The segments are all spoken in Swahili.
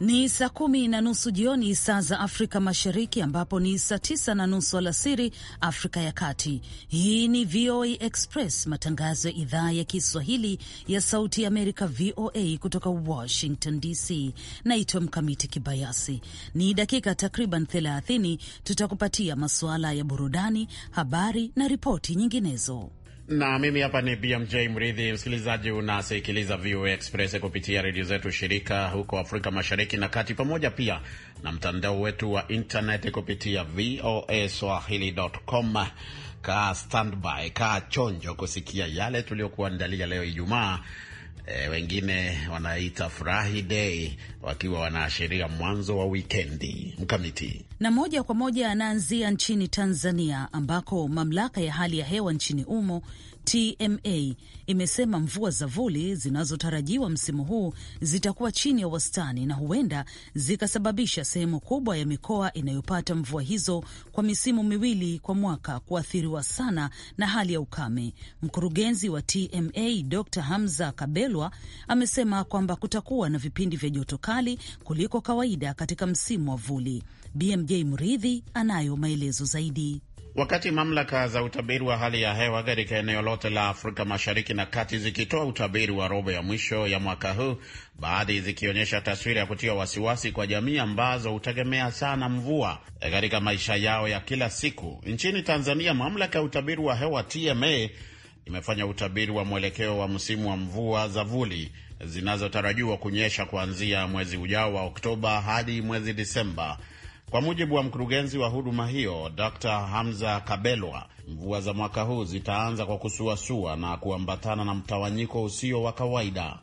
Ni saa kumi na nusu jioni saa za Afrika Mashariki, ambapo ni saa tisa na nusu alasiri Afrika ya Kati. Hii ni VOA Express, matangazo ya idhaa ya Kiswahili ya Sauti ya Amerika, VOA kutoka Washington DC. Naitwa Mkamiti Kibayasi. Ni dakika takriban 30 tutakupatia masuala ya burudani, habari na ripoti nyinginezo na mimi hapa ni BMJ Mridhi. Msikilizaji, unasikiliza VOA Express kupitia redio zetu shirika huko Afrika Mashariki na Kati, pamoja pia na mtandao wetu wa internet kupitia VOA Swahili.com. Kaa standby, kaa chonjo kusikia yale tuliyokuandalia leo Ijumaa e, wengine wanaita furahi dei wakiwa wanaashiria mwanzo wa wikendi mkamiti. Na moja kwa moja anaanzia nchini Tanzania ambako mamlaka ya hali ya hewa nchini humo TMA imesema mvua za vuli zinazotarajiwa msimu huu zitakuwa chini ya wastani na huenda zikasababisha sehemu kubwa ya mikoa inayopata mvua hizo kwa misimu miwili kwa mwaka kuathiriwa sana na hali ya ukame. Mkurugenzi wa TMA Dr. Hamza Kabelwa amesema kwamba kutakuwa na vipindi vya joto kali kuliko kawaida katika msimu wa vuli. BMJ Mridhi anayo maelezo zaidi. Wakati mamlaka za utabiri wa hali ya hewa katika eneo lote la Afrika Mashariki na Kati zikitoa utabiri wa robo ya mwisho ya mwaka huu, baadhi zikionyesha taswira ya kutia wasiwasi kwa jamii ambazo hutegemea sana mvua katika maisha yao ya kila siku. Nchini Tanzania, mamlaka ya utabiri wa hewa TMA imefanya utabiri wa mwelekeo wa msimu wa mvua za vuli zinazotarajiwa kunyesha kuanzia mwezi ujao wa Oktoba hadi mwezi Disemba kwa mujibu wa mkurugenzi wa huduma hiyo Dr. Hamza Kabelwa, mvua za mwaka huu zitaanza kwa kusuasua na kuambatana na mtawanyiko usio wa kawaida.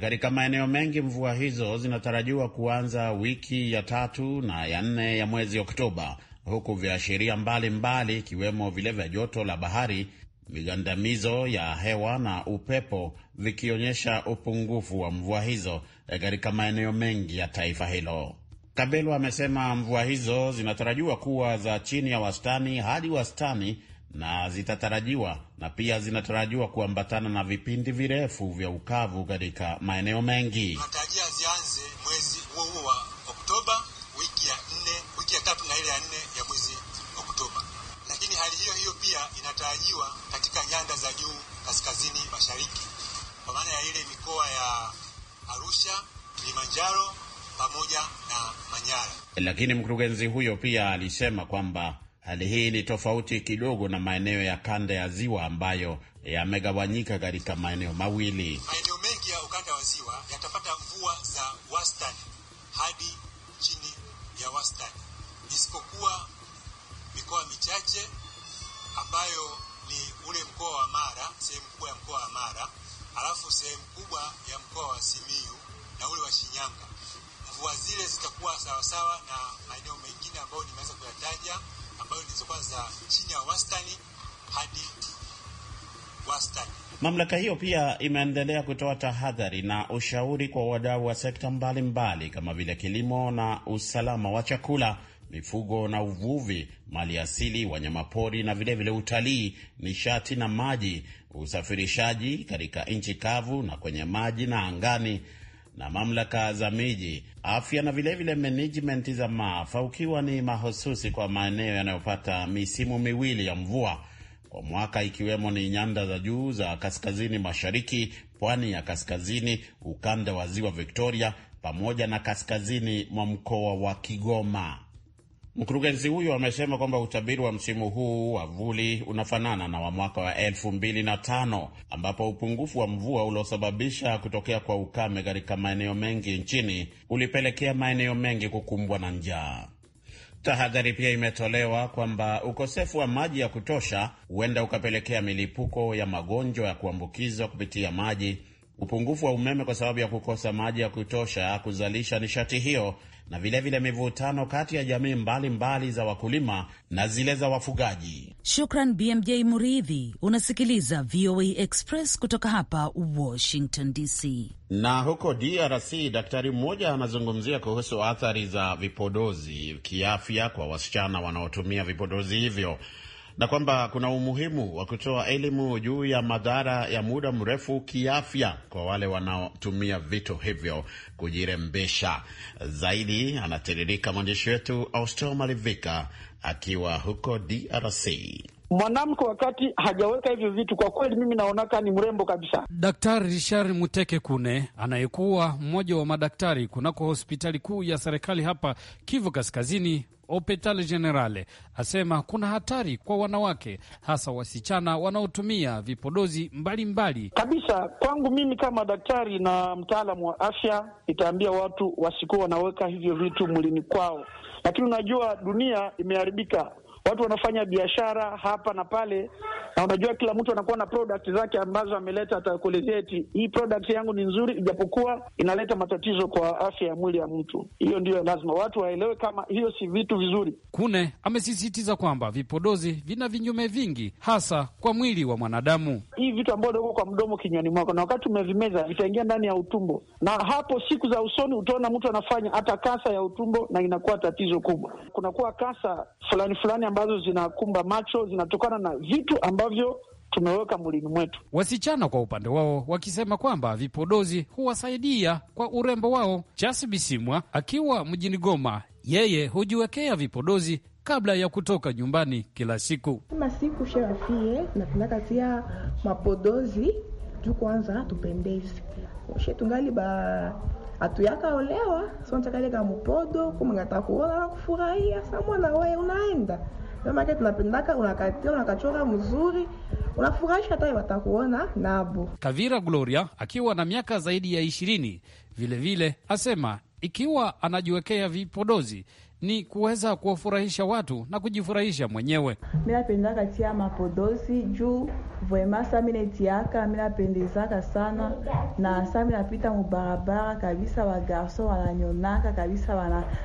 Katika maeneo mengi mvua hizo zinatarajiwa kuanza wiki ya tatu na ya nne ya mwezi Oktoba, huku viashiria mbalimbali ikiwemo vile vya joto la bahari, migandamizo ya hewa na upepo vikionyesha upungufu wa mvua hizo katika maeneo mengi ya taifa hilo. Kabelo amesema mvua hizo zinatarajiwa kuwa za chini ya wastani hadi wastani na zitatarajiwa na pia zinatarajiwa kuambatana na vipindi virefu vya ukavu katika maeneo mengi. zianze mwezi huo huo wa Oktoba, wiki ya nne, wiki ya tatu na ile ya nne ya mwezi Oktoba. Lakini hali hiyo hiyo pia inatarajiwa katika nyanda za juu kaskazini mashariki, kwa maana ya ile mikoa ya Arusha, Kilimanjaro pamoja na Manyara. Lakini mkurugenzi huyo pia alisema kwamba hali hii ni tofauti kidogo na maeneo ya kanda ya ziwa ambayo yamegawanyika katika maeneo mawili. Maeneo mengi ya ukanda wa ziwa yatapata mvua za wastani hadi chini ya wastani, isipokuwa mikoa michache ambayo ni ule mkoa wa Mara, sehemu kubwa ya mkoa wa Mara, alafu sehemu kubwa ya mkoa wa Simiyu na ule wa Shinyanga mvua zile zitakuwa sawasawa na maeneo mengine ambayo nimeweza kuyataja ambayo zilizokuwa za chini ya wastani hadi wastani. Mamlaka hiyo pia imeendelea kutoa tahadhari na ushauri kwa wadau wa sekta mbalimbali mbali, kama vile kilimo na usalama wa chakula, mifugo na uvuvi, mali asili, wanyamapori na vilevile utalii, nishati na maji, usafirishaji katika nchi kavu na kwenye maji na angani na mamlaka za miji, afya na vilevile management za maafa, ukiwa ni mahususi kwa maeneo yanayopata misimu miwili ya mvua kwa mwaka, ikiwemo ni nyanda za juu za kaskazini mashariki, pwani ya kaskazini, ukanda wa ziwa Victoria pamoja na kaskazini mwa mkoa wa Kigoma. Mkurugenzi huyo amesema kwamba utabiri wa msimu huu wa vuli unafanana na wa mwaka wa elfu mbili na tano ambapo upungufu wa mvua uliosababisha kutokea kwa ukame katika maeneo mengi nchini ulipelekea maeneo mengi kukumbwa na njaa. Tahadhari pia imetolewa kwamba ukosefu wa maji ya kutosha huenda ukapelekea milipuko ya magonjwa ya kuambukizwa kupitia maji upungufu wa umeme kwa sababu ya kukosa maji ya kutosha kuzalisha nishati hiyo, na vilevile mivutano kati ya jamii mbalimbali mbali za wakulima na zile za wafugaji. Shukran BMJ Muridhi. Unasikiliza VOA Express kutoka hapa Washington DC. Na huko DRC, daktari mmoja anazungumzia kuhusu athari za vipodozi kiafya kwa wasichana wanaotumia vipodozi hivyo na kwamba kuna umuhimu wa kutoa elimu juu ya madhara ya muda mrefu kiafya kwa wale wanaotumia vitu hivyo kujirembesha. Zaidi anatiririka mwandishi wetu Austel Malivika akiwa huko DRC mwanamke wakati hajaweka hivyo vitu, kwa kweli mimi naonaka ni mrembo kabisa. Daktari Richard Muteke Kune anayekuwa mmoja wa madaktari kunako hospitali kuu ya serikali hapa Kivu Kaskazini, Hopital Generale asema kuna hatari kwa wanawake hasa wasichana wanaotumia vipodozi mbalimbali mbali. Kabisa kwangu mimi kama daktari na mtaalamu wa afya itaambia watu wasikuwa wanaweka hivyo vitu mwilini kwao, lakini unajua dunia imeharibika, watu wanafanya biashara hapa na pale, na unajua kila mtu anakuwa na product zake ambazo ameleta, atakuelezea eti hii product yangu ni nzuri, ijapokuwa inaleta matatizo kwa afya ya mwili ya mtu. Hiyo ndiyo lazima watu waelewe kama hiyo si vitu vizuri. Kune amesisitiza kwamba vipodozi vina vinyume vingi, hasa kwa mwili wa mwanadamu. Hii vitu ambao uko kwa mdomo, kinywani mwako, na wakati umevimeza vitaingia ndani ya utumbo, na hapo siku za usoni utaona mtu anafanya hata kasa ya utumbo, na inakuwa tatizo kubwa. Kunakuwa kasa fulani fulani ambazo zinakumba macho zinatokana na vitu ambavyo tumeweka mwilini mwetu. Wasichana kwa upande wao wakisema kwamba vipodozi huwasaidia kwa urembo wao. Chasi Bisimwa akiwa mjini Goma, yeye hujiwekea vipodozi kabla ya kutoka nyumbani kila siku. Kama siku sherafie napendakatia mapodozi juu kwanza tupendezi she tungali ba atuyaka olewa sontakaleka mupodo kumangata kuona na kufurahia samwana, we unaenda ndio maana tunapendaka, unakatia unakachora mzuri, unafurahisha hata watakuona nabo. Kavira Gloria akiwa na miaka zaidi ya ishirini vilevile asema ikiwa anajiwekea vipodozi ni kuweza kuwafurahisha watu na kujifurahisha mwenyewe. Minapendaka tia mapodozi juu vrema sa minetiaka minapendezaka sana, na sa minapita mubarabara kabisa, wagarso wananyonaka kabisa,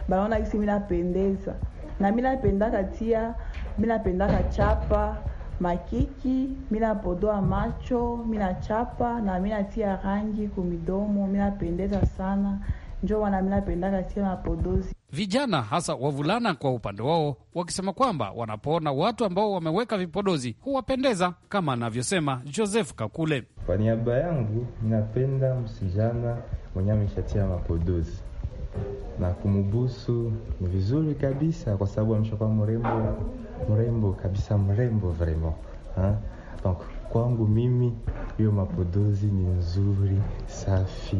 wanaona isi minapendeza na minapendaka tia minapendaka chapa makiki minapodoa macho minachapa na minatia rangi kumidomo minapendeza sana njo wana minapendaka tia mapodozi vijana hasa wavulana kwa upande wao wakisema kwamba wanapoona watu ambao wameweka vipodozi huwapendeza, kama anavyosema Joseph Kakule. Kwa niaba yangu, ninapenda msijana mwenye ameshatia mapodozi na kumubusu ni vizuri kabisa, kwa sababu ameshakuwa mrembo mrembo kabisa, mrembo ha? Donc kwangu mimi hiyo mapodozi ni nzuri, safi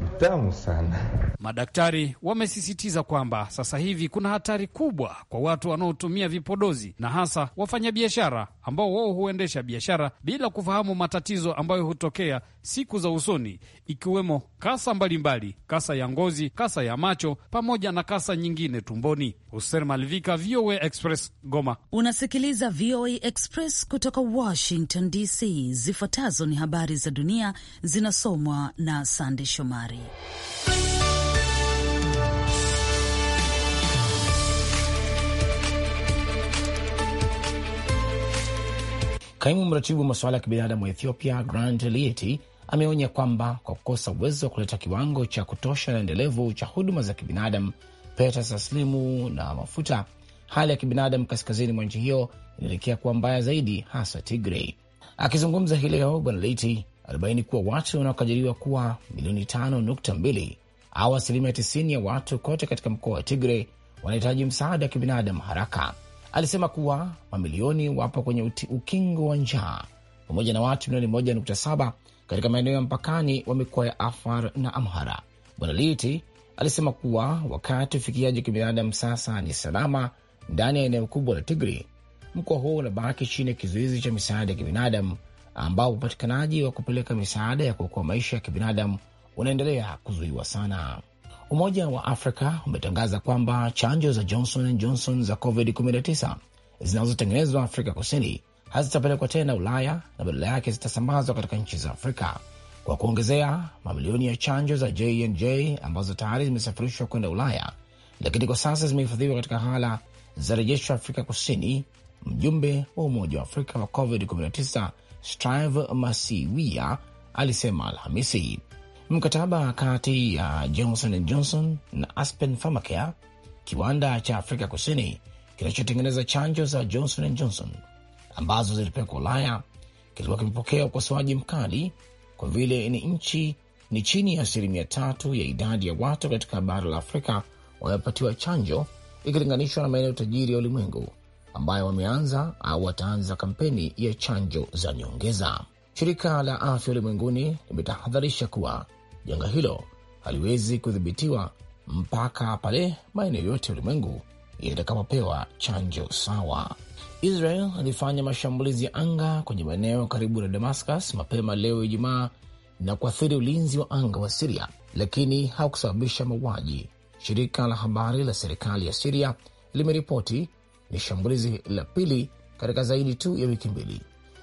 mtamu sana. Madaktari wamesisitiza kwamba sasa hivi kuna hatari kubwa kwa watu wanaotumia vipodozi na hasa wafanyabiashara ambao wao huendesha biashara bila kufahamu matatizo ambayo hutokea siku za usoni, ikiwemo kasa mbalimbali mbali, kasa ya ngozi, kasa ya macho pamoja na kasa nyingine tumboni. Hoser Malvika, VOA Express, Goma. Unasikiliza VOA Express kutoka Washington DC. Zifuatazo ni habari za dunia zinasomwa na Sande Shomari. Kaimu mratibu wa masuala ya kibinadamu wa Ethiopia Grant Lieti ameonya kwamba kwa kukosa uwezo wa kuleta kiwango cha kutosha na endelevu cha huduma za kibinadamu, pesa taslimu na mafuta, hali ya kibinadamu kaskazini mwa nchi hiyo inaelekea kuwa mbaya zaidi, hasa Tigrey. Akizungumza hii leo, Bwana Leiti alibaini kuwa watu wanaokadiriwa kuwa milioni tano nukta mbili au asilimia tisini ya watu kote katika mkoa wa Tigre wanahitaji msaada wa kibinadamu haraka. Alisema kuwa mamilioni wapo kwenye ukingo wa njaa pamoja na watu milioni moja saba katika maeneo ya mpakani wa mikoa ya Afar na Amhara. Bwana Liti alisema kuwa wakati ufikiaji wa kibinadamu sasa ni salama ndani ya eneo kubwa la Tigri, mkoa huo unabaki chini ya kizuizi cha misaada ya kibinadamu, ambao upatikanaji wa kupeleka misaada ya kuokoa maisha ya kibinadamu unaendelea kuzuiwa sana. Umoja wa Afrika umetangaza kwamba chanjo za Johnson and Johnson za COVID-19 zinazotengenezwa Afrika Kusini hazitapelekwa tena Ulaya na badala yake zitasambazwa katika nchi za Afrika. Kwa kuongezea, mamilioni ya chanjo za jnj ambazo tayari zimesafirishwa kwenda Ulaya, lakini kwa sasa zimehifadhiwa katika ghala rejesho Afrika Kusini. Mjumbe wa Umoja wa Afrika wa COVID-19 Strive Masiwia alisema Alhamisi mkataba kati ya Johnson and Johnson na Aspen Pharmacare, kiwanda cha Afrika Kusini kinachotengeneza chanjo za Johnson and Johnson ambazo zilipelekwa Ulaya kilikuwa kimepokea ukosoaji mkali kwa vile ni nchi ni chini ya asilimia tatu ya idadi ya watu katika bara la Afrika wamepatiwa chanjo ikilinganishwa na maeneo tajiri ya ulimwengu ambayo wameanza au wataanza kampeni ya chanjo za nyongeza. Shirika la Afya Ulimwenguni limetahadharisha kuwa janga hilo haliwezi kudhibitiwa mpaka pale maeneo yote ya ulimwengu yatakapopewa chanjo sawa. Israel alifanya mashambulizi ya anga kwenye maeneo karibu na Damascus mapema leo Ijumaa na kuathiri ulinzi wa anga wa Siria, lakini haukusababisha mauaji. Shirika la habari la serikali ya Siria limeripoti ni shambulizi la pili katika zaidi tu ya wiki mbili.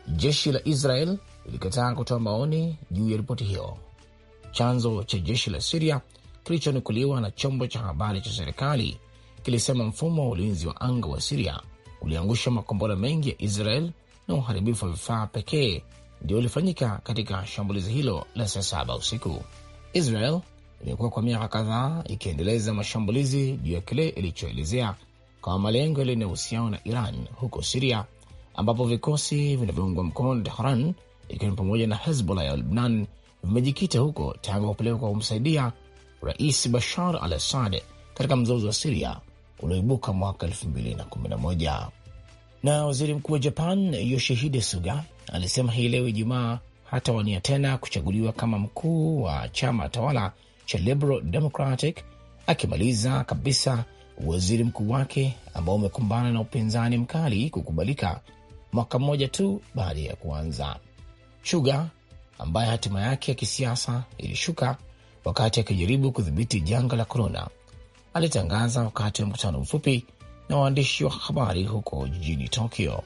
Jeshi la Israel ilikataa kutoa maoni juu ya ripoti hiyo. Chanzo cha jeshi la Siria kilichonukuliwa na chombo cha habari cha serikali kilisema mfumo wa ulinzi wa anga wa Siria kuliangusha makombora mengi ya Israel na uharibifu wa vifaa pekee ndio ulifanyika katika shambulizi hilo la saa saba usiku. Israel imekuwa kwa miaka kadhaa ikiendeleza mashambulizi juu ya kile ilichoelezea kama malengo yaliyo na uhusiano na Iran huko Siria, ambapo vikosi vinavyoungwa mkono na Tehran ikiwa ni pamoja na Hezbollah ya Lebnan vimejikita huko tangu kupelekwa kwa kumsaidia Rais Bashar al Assad katika mzozo wa Siria ulioibuka mwaka 2011. Na waziri mkuu wa Japan Yoshihide Suga alisema hii leo Ijumaa hatawania tena kuchaguliwa kama mkuu wa chama tawala cha Liberal Democratic, akimaliza kabisa waziri mkuu wake ambao umekumbana na upinzani mkali kukubalika mwaka mmoja tu baada ya kuanza. Suga ambaye hatima yake ya kisiasa ilishuka wakati akijaribu kudhibiti janga la korona alitangaza wakati wa mkutano mfupi na waandishi wa habari huko jijini Tokyo.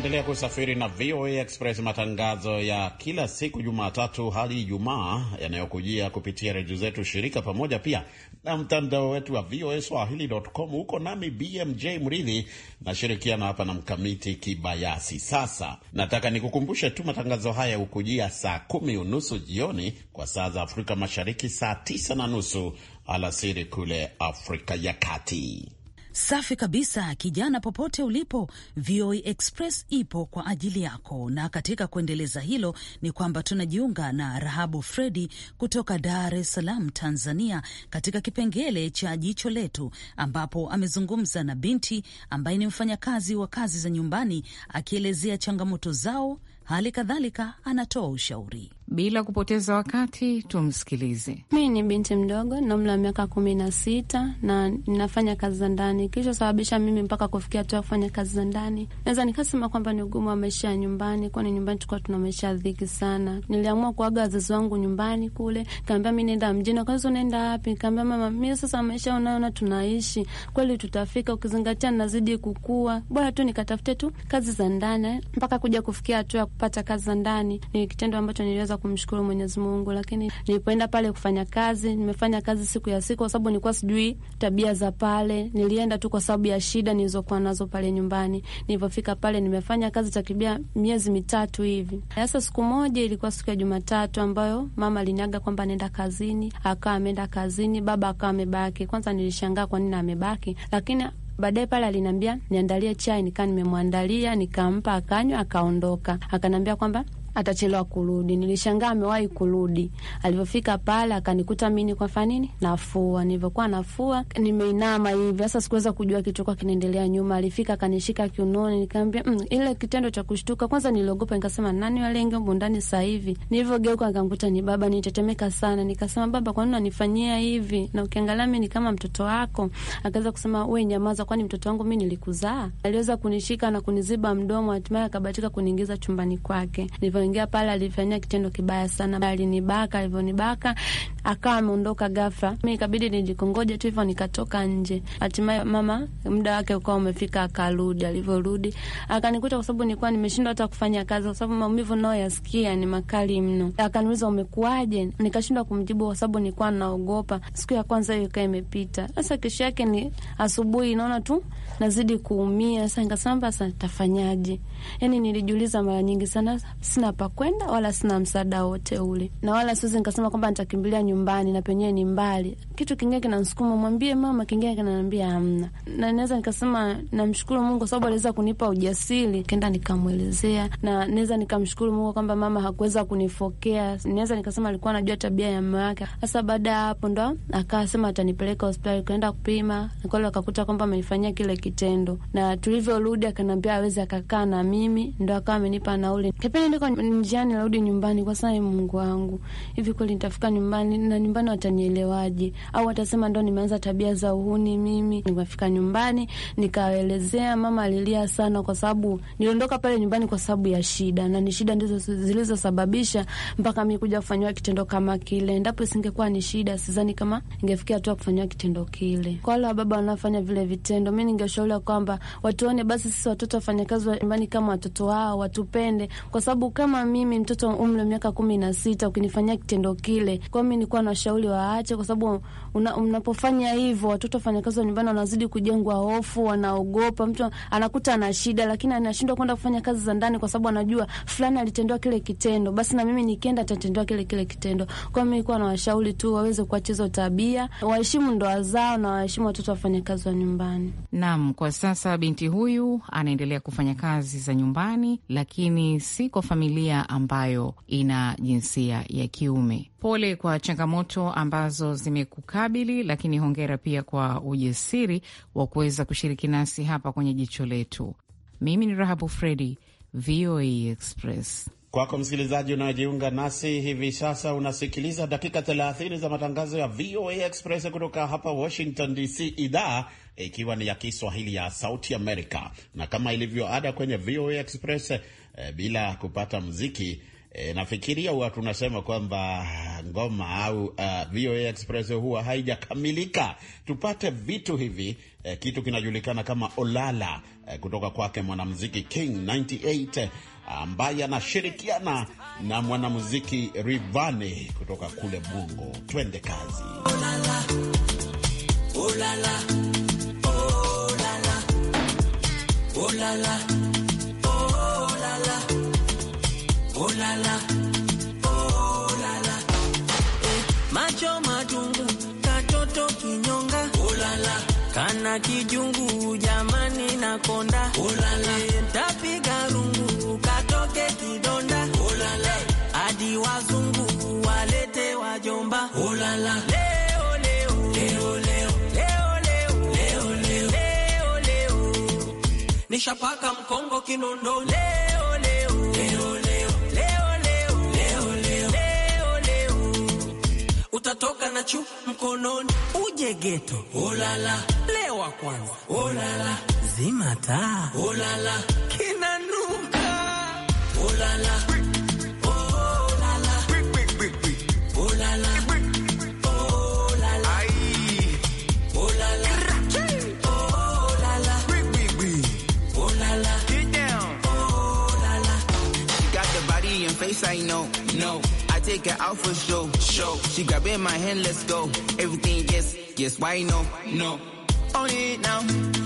Unaendelea kusafiri na VOA Express, matangazo ya kila siku Jumatatu hadi Ijumaa yanayokujia kupitia redio zetu shirika, pamoja pia na mtandao wetu wa VOA Swahili.com. Huko nami BMJ Mridhi nashirikiana hapa na Mkamiti Kibayasi. Sasa nataka nikukumbushe tu matangazo haya hukujia saa kumi unusu jioni kwa saa za Afrika Mashariki, saa tisa na nusu alasiri kule Afrika ya Kati. Safi kabisa, kijana, popote ulipo, VOA e Express ipo kwa ajili yako. Na katika kuendeleza hilo ni kwamba tunajiunga na Rahabu Fredi kutoka Dar es Salaam, Tanzania, katika kipengele cha jicho letu, ambapo amezungumza na binti ambaye ni mfanyakazi wa kazi za nyumbani, akielezea changamoto zao, hali kadhalika anatoa ushauri. Bila kupoteza wakati, tumsikilize. Mi ni binti mdogo na umri wa miaka kumi na sita na ninafanya kazi za ndani. Kilichosababisha mimi mpaka kufikia hatua ya kufanya kazi za ndani, naweza nikasema kwamba ni ugumu wa maisha ya nyumbani, kwani nyumbani tukuwa tuna maisha ya dhiki sana. Niliamua kuaga wazazi wangu nyumbani kule, kaambia mi naenda mjini. Wakaza unaenda wapi? Kaambia mama, mi sasa maisha unaona tunaishi kweli, tutafika ukizingatia nazidi kukua, bora tu nikatafute tu kazi za ndani. Mpaka kuja kufikia hatua ya kupata kazi za ndani ni kitendo ambacho niliweza kumshukuru Mwenyezi Mungu, lakini nilipoenda pale kufanya kazi, nimefanya kazi siku ya siku, kwa sababu nilikuwa sijui tabia za pale. Nilienda tu kwa sababu ya shida nilizokuwa nazo pale nyumbani. Nilipofika pale, nimefanya kazi takribia miezi mitatu hivi. Sasa siku moja ilikuwa siku ya Jumatatu ambayo mama aliniaga kwamba anaenda kazini, akawa ameenda kazini, baba akawa amebaki. Kwanza nilishangaa kwa nini amebaki, lakini baadaye pale aliniambia niandalie chai, nikaa nimemwandalia, nikampa, akanywa, akaondoka, akaniambia kwamba atachelewa kurudi. Nilishangaa amewahi kurudi. Alivyofika pale akanikuta mi ni kwafa nini nafua, nilivyokuwa nafua nimeinama hivi sasa, sikuweza kujua kilichokuwa kinaendelea nyuma. Alifika akanishika kiunoni, nikaambia mm, ile kitendo cha kushtuka kwanza, niliogopa nikasema, nani wale ingi humu ndani saa hivi? Nilivyogeuka nikamkuta ni baba, nitetemeka sana. Nikasema, baba, kwanini nini unanifanyia hivi? Na ukiangalia mi ni kama mtoto wako. Akaweza kusema, wewe nyamaza, kwani mtoto wangu mi nilikuzaa? Aliweza kunishika na kuniziba mdomo, hatimaye akabatika kuniingiza chumbani kwake Nivu alivyoingia pale alifanyia kitendo kibaya sana, alinibaka. Alivyonibaka akawa ameondoka ghafla, mi ikabidi nijikongoje tu hivyo, nikatoka nje. Hatimaye mama muda wake ukawa umefika, akarudi. Alivyorudi akanikuta, kwa sababu nilikuwa nimeshindwa hata kufanya kazi, kwa sababu maumivu yasikia ni makali mno. Akaniuliza umekuwaje, nikashindwa kumjibu kwa sababu nilikuwa naogopa. Siku ya kwanza hiyo ikawa imepita. Sasa kesho yake ni asubuhi, naona tu nazidi kuumia. Sasa nikasema basa, tafanyaje? Yani nilijiuliza mara nyingi sana, sina sina pa kwenda wala sina msaada wote ule, na wala siwezi nikasema kwamba nitakimbilia nyumbani na penyewe ni mbali. Kitu kingine kinamsukuma mwambie mama, kingine kinaniambia hamna, na naweza nikasema namshukuru Mungu kwa sababu aliweza kunipa ujasiri kenda nikamwelezea, na naweza nikamshukuru Mungu kwamba mama hakuweza kunifokea. Naweza nikasema alikuwa anajua tabia ya mama yake. Sasa baada ya hapo ndo akasema atanipeleka hospitali kuenda kupima, na kweli akakuta kwamba amenifanyia kile kitendo, na tulivyorudi akaniambia aweze akakaa na mimi, ndo akawa amenipa nauli kipindi ndiko njiani narudi nyumbani kwa saa, Mungu wangu, hivi kweli nitafika nyumbani na nyumbani watanielewaje? Au watasema ndo nimeanza tabia za uhuni mimi. Nikafika nyumbani nikaelezea, mama alilia sana, kwa sababu niliondoka pale nyumbani kwa sababu ya shida, na ni shida ndizo zilizosababisha mpaka mi kuja kufanyiwa kitendo kama kile. Endapo isingekuwa ni shida, sizani kama ingefikia hatua kufanyiwa kitendo kile. Kwa wale wababa wanaofanya vile vitendo, mi ningeshauri kwamba watuone basi sisi watoto wafanyakazi wa nyumbani kama watoto wao, watupende kwa sababu kama kama mimi mtoto wa umri wa miaka kumi na sita ukinifanyia kitendo kile, kwao mi nikuwa na ushauri waache, kwa sababu una, unapofanya hivyo watoto wafanyakazi wa nyumbani wanazidi kujengwa hofu, wanaogopa. Mtu anakuta ana shida, lakini anashindwa kwenda kufanya kazi za ndani kwa sababu anajua fulani alitendewa kile kitendo, basi na mimi nikienda atatendewa kile kile kitendo. Kwao mi nilikuwa na washauri tu waweze kuacha hizo tabia, waheshimu ndoa zao na waheshimu watoto wafanyakazi wa nyumbani. Naam, kwa sasa binti huyu anaendelea kufanya kazi za nyumbani, lakini si kwa familia familia ambayo ina jinsia ya kiume. Pole kwa changamoto ambazo zimekukabili, lakini hongera pia kwa ujasiri wa kuweza kushiriki nasi hapa kwenye jicho letu. Mimi ni Rahabu Fredi, VOA Express. Kwako msikilizaji unayojiunga nasi hivi sasa, unasikiliza dakika 30 za matangazo ya VOA Express kutoka hapa Washington DC, idhaa ikiwa ni ya Kiswahili ya Sauti Amerika. Na kama ilivyo ada kwenye VOA Express, e, bila kupata mziki e, eh, nafikiria huwa tunasema kwamba ngoma au uh, eh, VOA Express huwa haijakamilika. Tupate vitu hivi e, kitu kinajulikana kama Olala e, kutoka kwake mwanamziki King 98 ambaye anashirikiana na mwanamuziki Rivani kutoka kule Bongo. Twende kazi. Olala, olala, olala, olala. Oh eh. macho matungu, katoto kinyonga, oh kana kijungu, jamani na konda, oh eh. tapiga rungu, katoke kidonda, eh. hadi wazungu walete wajomba. Nishapaka mkongo kinondole utatoka na chu mkononi uje geto. Olala lewa kwanza, olala zima taa, olala kinanuka, olala I know, no. take her out for show, show. She grabbing my hand, let's go. Everything yes, yes, why no, no. On it now,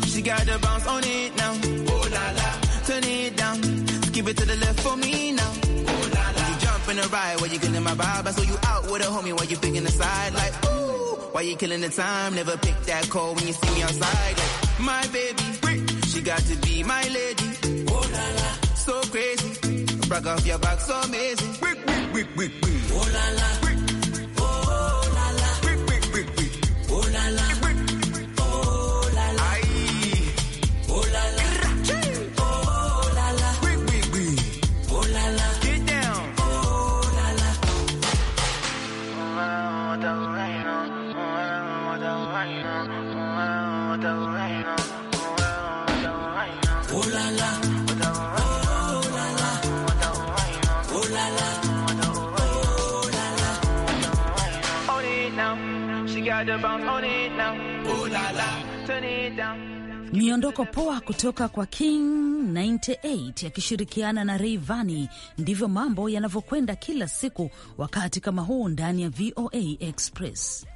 she got the bounce on it now. Oh la la, turn it down, skip it to the left for me now. Oh la la, you jump in the ride while you killing my vibe. I saw you out with a homie while you picking the side like ooh. Why you killing the time? Never pick that call when you see me outside. Like, my baby, she got to be my lady. Oh la la, so crazy Brag off your back so amazing. Wick, wick, wick, wick, wick. Oh la la. Miondoko poa kutoka kwa King 98 yakishirikiana na Rayvanny. Ndivyo mambo yanavyokwenda kila siku wakati kama huu ndani ya VOA Express.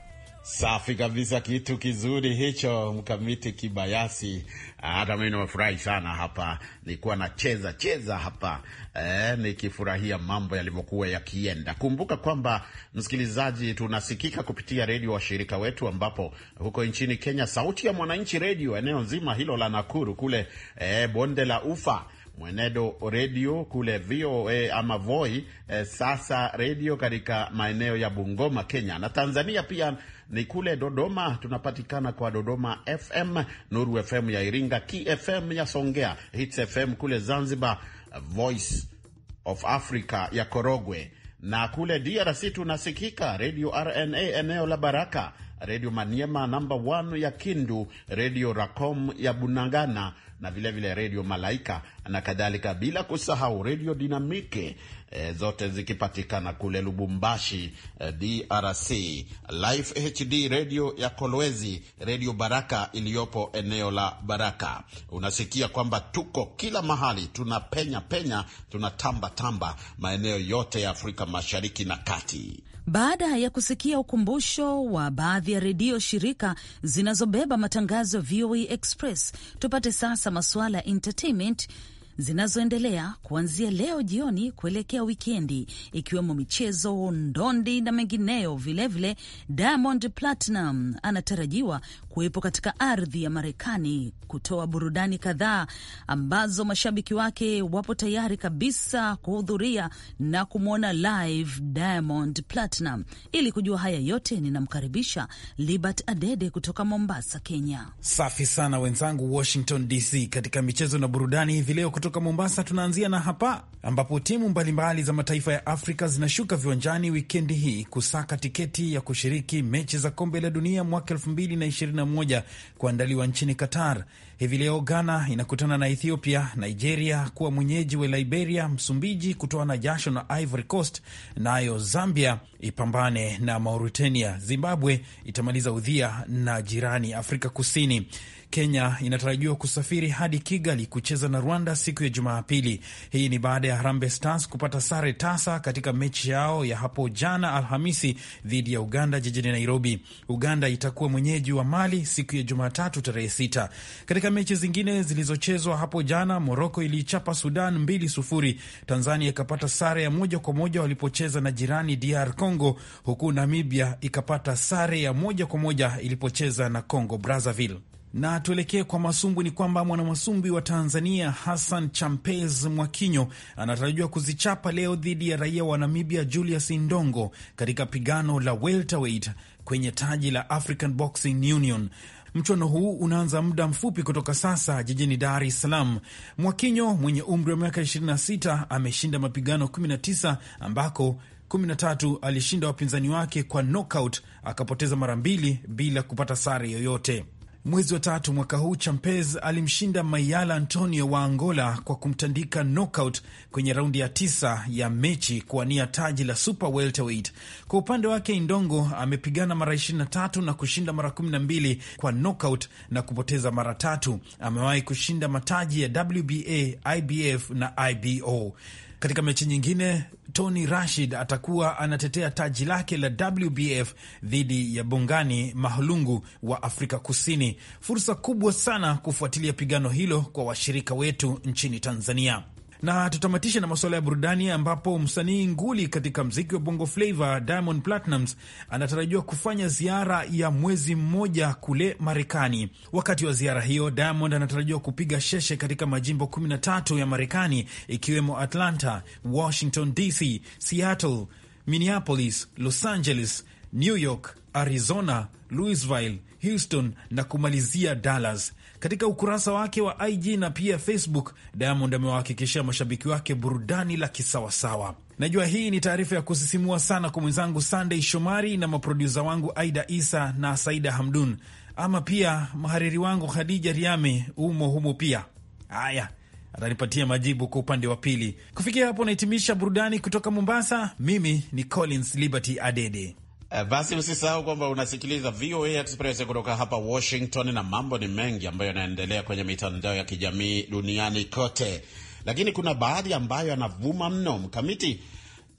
Safi kabisa, kitu kizuri hicho, mkamiti kibayasi. Hata mimi nimefurahi sana hapa, nilikuwa nacheza cheza hapa e, nikifurahia mambo yalivyokuwa yakienda. Kumbuka kwamba msikilizaji, tunasikika kupitia redio washirika wetu, ambapo huko nchini Kenya, Sauti ya Mwananchi redio eneo nzima hilo la Nakuru kule e, bonde la Ufa, Mwenedo redio kule VOA ama Voi e, sasa redio katika maeneo ya Bungoma, Kenya na Tanzania pia ni kule Dodoma, tunapatikana kwa Dodoma FM, Nuru FM ya Iringa, KFM ya Songea, Hits FM kule Zanzibar, Voice of Africa ya Korogwe, na kule DRC tunasikika Radio RNA eneo la Baraka Redio Maniema namba 1 ya Kindu, Redio Racom ya Bunangana na vilevile Redio Malaika na kadhalika, bila kusahau Redio Dinamike e, eh, zote zikipatikana kule Lubumbashi e, eh, DRC, Life HD redio ya Kolwezi, Redio Baraka iliyopo eneo la Baraka. Unasikia kwamba tuko kila mahali, tunapenya penya, tunatamba tamba maeneo yote ya Afrika Mashariki na Kati. Baada ya kusikia ukumbusho wa baadhi ya redio shirika zinazobeba matangazo ya VOA e Express, tupate sasa masuala ya entertainment zinazoendelea kuanzia leo jioni kuelekea wikendi, ikiwemo michezo, ndondi na mengineyo. Vilevile, Diamond Platinum anatarajiwa kuwepo katika ardhi ya Marekani kutoa burudani kadhaa ambazo mashabiki wake wapo tayari kabisa kuhudhuria na kumwona live Diamond Platinum. Ili kujua haya yote, ninamkaribisha Libert Adede kutoka Mombasa, Kenya. Safi sana wenzangu Washington DC. Katika michezo na burudani hivi leo kutoka Mombasa, tunaanzia na hapa ambapo timu mbalimbali za mataifa ya Afrika zinashuka viwanjani wikendi hii kusaka tiketi ya kushiriki mechi za kombe la dunia mwaka 2022 21 kuandaliwa nchini Qatar. Hivi leo Ghana inakutana na Ethiopia, Nigeria kuwa mwenyeji wa Liberia, Msumbiji kutoa na jasho na Ivory Coast, nayo na Zambia ipambane na Mauritania. Zimbabwe itamaliza udhia na jirani Afrika Kusini. Kenya inatarajiwa kusafiri hadi Kigali kucheza na Rwanda siku ya Jumapili. Hii ni baada ya Harambee Stars kupata sare tasa katika mechi yao ya hapo jana Alhamisi dhidi ya Uganda jijini Nairobi. Uganda itakuwa mwenyeji wa Mali siku ya Jumatatu tarehe sita. Katika mechi zingine zilizochezwa hapo jana, Moroko iliichapa Sudan 2-0. Tanzania ikapata sare ya moja kwa moja walipocheza na jirani DR Congo, huku Namibia ikapata sare ya moja kwa moja ilipocheza na Congo Brazzaville. Na tuelekee kwa masumbwi. Ni kwamba mwanamasumbwi wa Tanzania Hassan Champez Mwakinyo anatarajiwa kuzichapa leo dhidi ya raia wa Namibia Julius Indongo katika pigano la welterweight kwenye taji la African Boxing Union. Mchuano huu unaanza muda mfupi kutoka sasa jijini Dar es Salaam. Mwakinyo mwenye umri wa miaka 26 ameshinda mapigano 19 ambako 13 alishinda wapinzani wake kwa knockout, akapoteza mara mbili bila kupata sare yoyote. Mwezi wa tatu mwaka huu Champez alimshinda Mayala Antonio wa Angola kwa kumtandika knockout kwenye raundi ya tisa ya mechi kuwania taji la super welterweight. Kwa upande wake, Indongo amepigana mara 23 na kushinda mara 12 kwa knockout na kupoteza mara tatu. Amewahi kushinda mataji ya WBA, IBF na IBO. Katika mechi nyingine, Tony Rashid atakuwa anatetea taji lake la WBF dhidi ya Bongani Mahlungu wa Afrika Kusini. Fursa kubwa sana kufuatilia pigano hilo kwa washirika wetu nchini Tanzania na tutamatishe na masuala ya burudani ambapo msanii nguli katika mziki wa bongo flava Diamond Platnumz anatarajiwa kufanya ziara ya mwezi mmoja kule Marekani. Wakati wa ziara hiyo, Diamond anatarajiwa kupiga sheshe katika majimbo 13 ya Marekani ikiwemo Atlanta, Washington DC, Seattle, Minneapolis, Los Angeles, New York, Arizona, Louisville, Houston na kumalizia Dallas. Katika ukurasa wake wa IG na pia Facebook, Diamond amewahakikishia mashabiki wake burudani la kisawasawa. Najua hii ni taarifa ya kusisimua sana kwa mwenzangu sandey Shomari na maprodusa wangu Aida Isa na Saida Hamdun, ama pia mhariri wangu Khadija Riame umo humo pia. Haya, atanipatia majibu kwa upande wa pili. Kufikia hapo, nahitimisha burudani kutoka Mombasa. Mimi ni Collins Liberty Adede. Eh, basi usisahau kwamba unasikiliza VOA Express kutoka hapa Washington, na mambo ni mengi ambayo yanaendelea kwenye mitandao ya kijamii duniani kote, lakini kuna baadhi ambayo yanavuma mno. Mkamiti,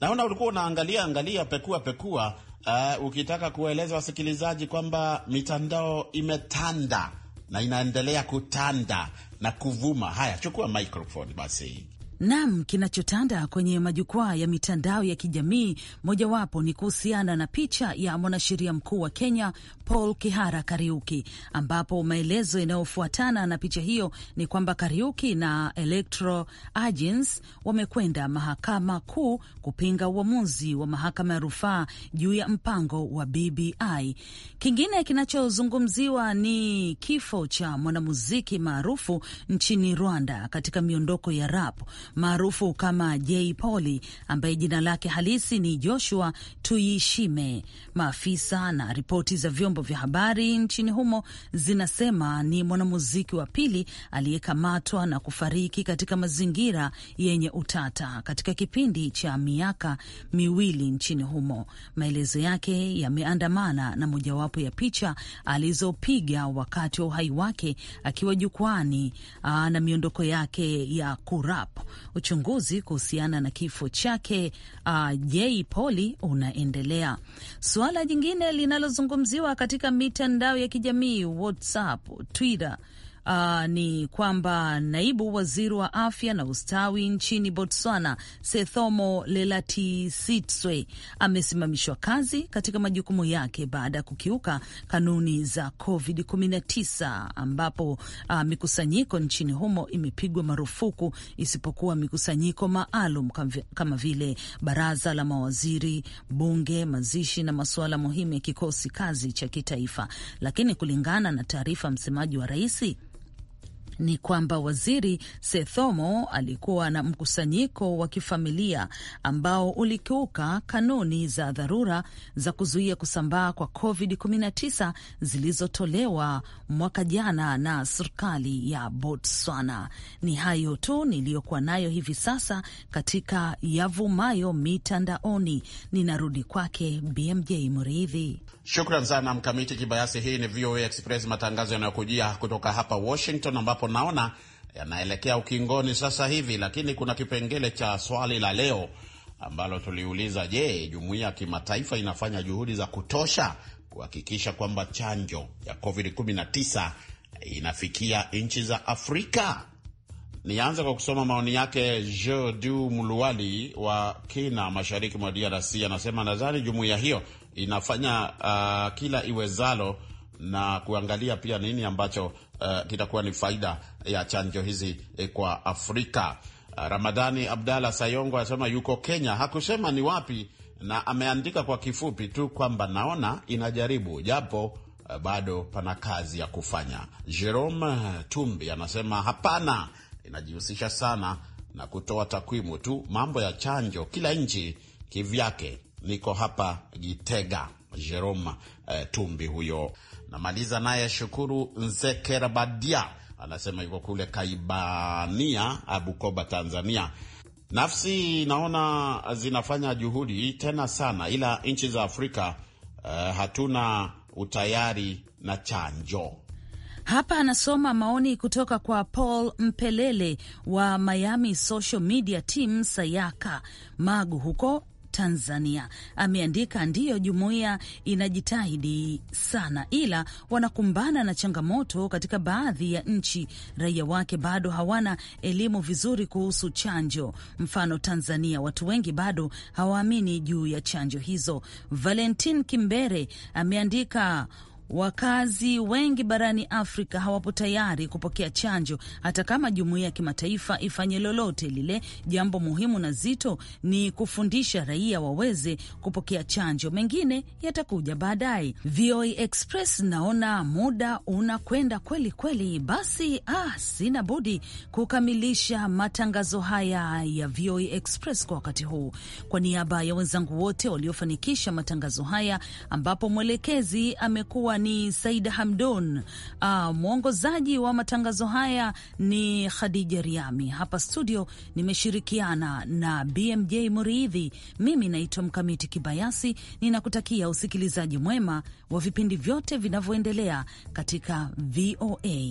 naona ulikuwa unaangalia angalia, pekua pekua, uh, ukitaka kuwaeleza wasikilizaji kwamba mitandao imetanda na inaendelea kutanda na kuvuma. Haya, chukua microphone basi. Nam, kinachotanda kwenye majukwaa ya mitandao ya kijamii mojawapo ni kuhusiana na picha ya mwanasheria mkuu wa Kenya Paul Kihara Kariuki, ambapo maelezo yanayofuatana na picha hiyo ni kwamba Kariuki na Electro Agents wamekwenda mahakama kuu kupinga uamuzi wa mahakama ya rufaa juu ya mpango wa BBI. Kingine kinachozungumziwa ni kifo cha mwanamuziki maarufu nchini Rwanda katika miondoko ya rap maarufu kama J Poli, ambaye jina lake halisi ni Joshua Tuyishime. Maafisa na ripoti za vyombo vya habari nchini humo zinasema ni mwanamuziki wa pili aliyekamatwa na kufariki katika mazingira yenye utata katika kipindi cha miaka miwili nchini humo. Maelezo yake yameandamana na mojawapo ya picha alizopiga wakati wa uhai wake akiwa jukwani ah, na miondoko yake ya kurap uchunguzi kuhusiana na kifo chake uh, Jay Poli unaendelea. Suala jingine linalozungumziwa katika mitandao ya kijamii WhatsApp, Twitter uh, ni kwamba naibu waziri wa afya na ustawi nchini Botswana Sethomo lelatisitswe amesimamishwa kazi katika majukumu yake baada ya kukiuka kanuni za COVID-19 ambapo uh, mikusanyiko nchini humo imepigwa marufuku isipokuwa mikusanyiko maalum kama vile baraza la mawaziri, bunge, mazishi na masuala muhimu ya kikosi kazi cha kitaifa. Lakini kulingana na taarifa msemaji wa raisi ni kwamba waziri Sethomo alikuwa na mkusanyiko wa kifamilia ambao ulikiuka kanuni za dharura za kuzuia kusambaa kwa COVID-19 zilizotolewa mwaka jana na serikali ya Botswana. Ni hayo tu niliyokuwa nayo hivi sasa katika yavumayo mitandaoni. Ninarudi kwake BMJ Mridhi. Shukran sana Mkamiti Kibayasi. Hii ni VOA Express, matangazo yanayokujia kutoka hapa Washington, ambapo naona yanaelekea ukingoni sasa hivi, lakini kuna kipengele cha swali la leo ambalo tuliuliza, je, jumuiya ya kimataifa inafanya juhudi za kutosha kuhakikisha kwamba chanjo ya COVID-19 inafikia nchi za Afrika? Nianze kwa kusoma maoni yake. Jodu Mluwali wa Kina, mashariki mwa DRC, anasema nadhani jumuiya hiyo inafanya uh, kila iwezalo na kuangalia pia nini ambacho uh, kitakuwa ni faida ya chanjo hizi eh, kwa Afrika. Uh, Ramadhani Abdalla Sayongo anasema yuko Kenya, hakusema ni wapi, na ameandika kwa kifupi tu kwamba naona inajaribu japo eh, bado pana kazi ya kufanya. Jerome Tumbi anasema hapana, inajihusisha sana na kutoa takwimu tu, mambo ya chanjo kila nchi kivyake. Niko hapa Gitega. Jerome eh, Tumbi huyo. Namaliza naye Shukuru Nzekerabadia, anasema yuko kule Kaibania, Bukoba, Tanzania. Nafsi naona zinafanya juhudi tena sana, ila nchi za Afrika uh, hatuna utayari na chanjo. Hapa anasoma maoni kutoka kwa Paul Mpelele wa Miami Social Media Team Sayaka Magu huko Tanzania ameandika, ndiyo jumuiya inajitahidi sana, ila wanakumbana na changamoto katika baadhi ya nchi. Raia wake bado hawana elimu vizuri kuhusu chanjo, mfano Tanzania. Watu wengi bado hawaamini juu ya chanjo hizo. Valentin Kimbere ameandika Wakazi wengi barani Afrika hawapo tayari kupokea chanjo, hata kama jumuiya ya kimataifa ifanye lolote lile. Jambo muhimu na zito ni kufundisha raia waweze kupokea chanjo, mengine yatakuja baadaye. VOA Express, naona muda unakwenda kweli kweli. Basi ah, sina budi kukamilisha matangazo haya ya VOA Express kwa wakati huu, kwa niaba ya wenzangu wote waliofanikisha matangazo haya, ambapo mwelekezi amekuwa ni Saida Hamdun. Uh, mwongozaji wa matangazo haya ni Khadija Riami. Hapa studio nimeshirikiana na BMJ Muridhi. Mimi naitwa Mkamiti Kibayasi, ninakutakia usikilizaji mwema wa vipindi vyote vinavyoendelea katika VOA.